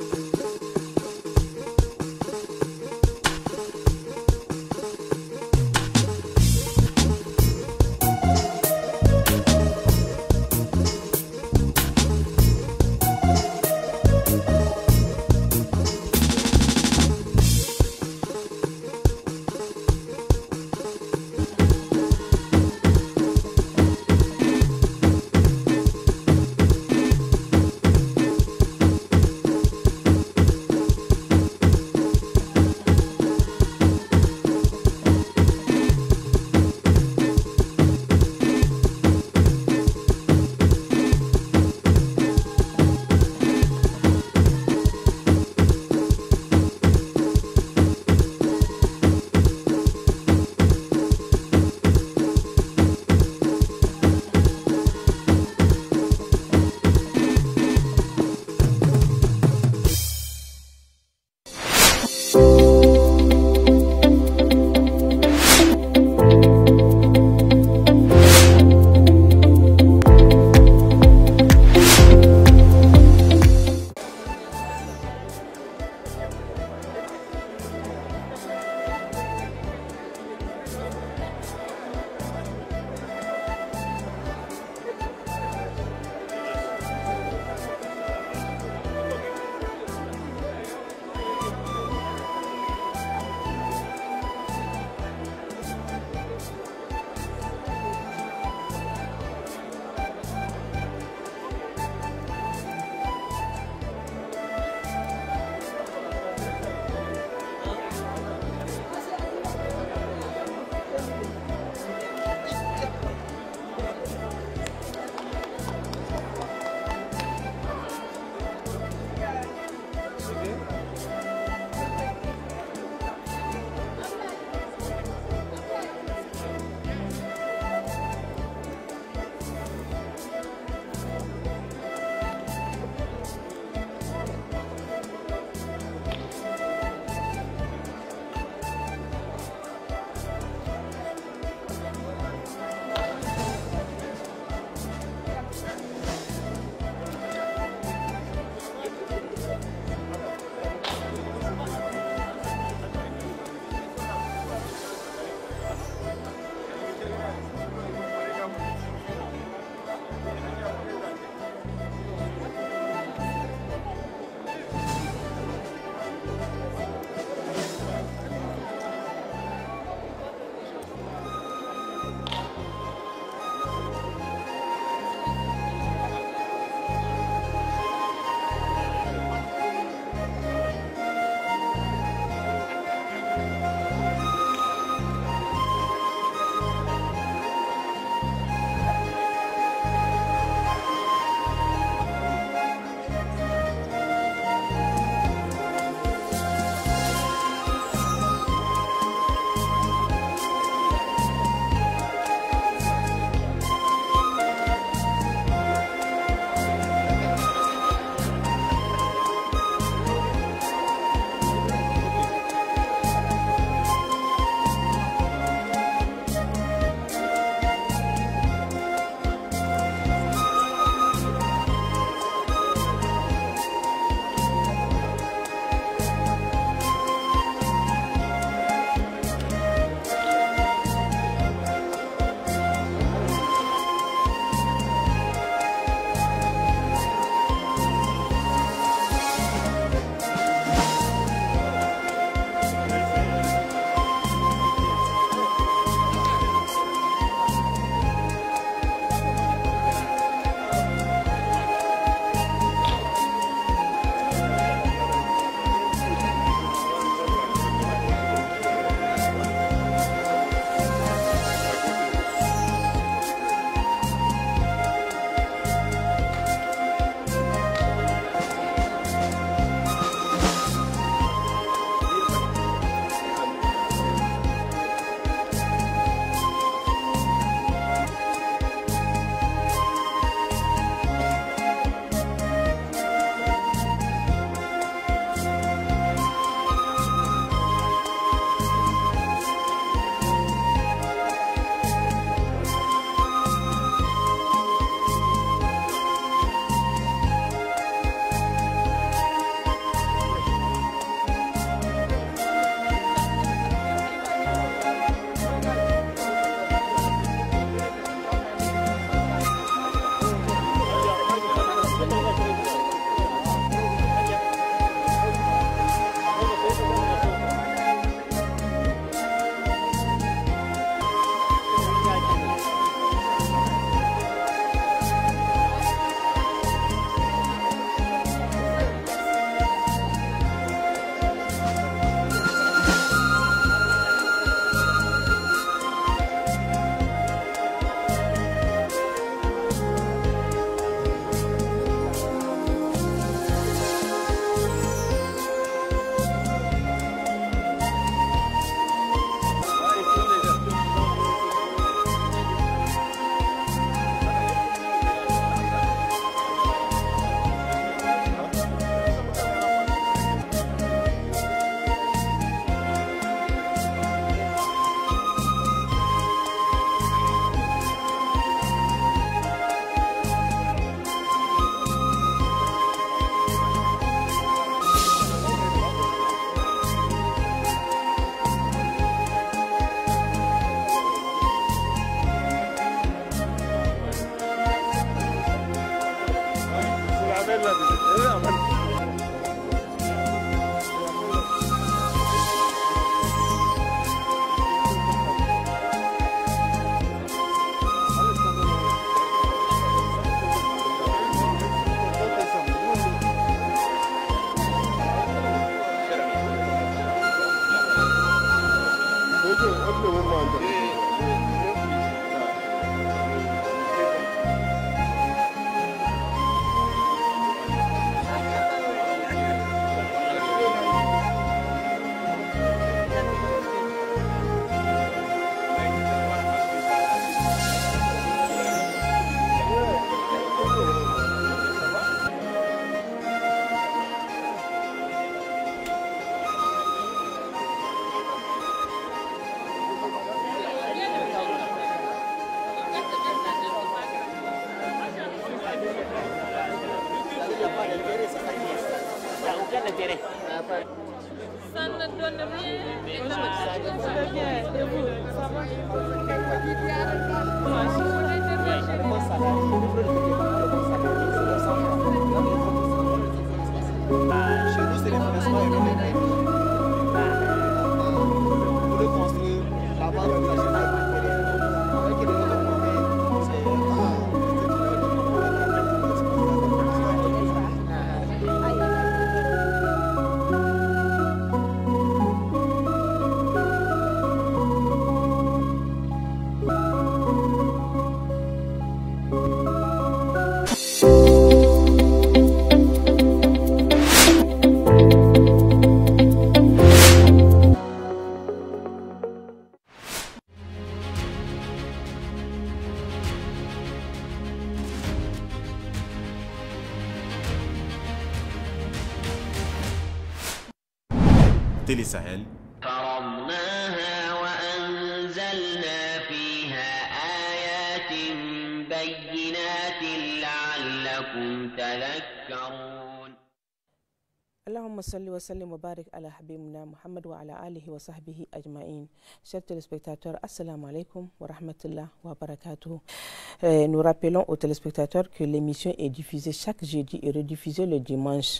you 有点问题 Thank you. تلي سهل فرضناها وأنزلنا فيها آيات بينات لعلكم تذكرون اللهم صل وسلم وبارك على حبيبنا محمد وعلى آله وصحبه أجمعين شرط الاسبكتاتور السلام عليكم ورحمة الله وبركاته nous rappelons aux téléspectateurs que l'émission est diffusée chaque jeudi et rediffusée le dimanche.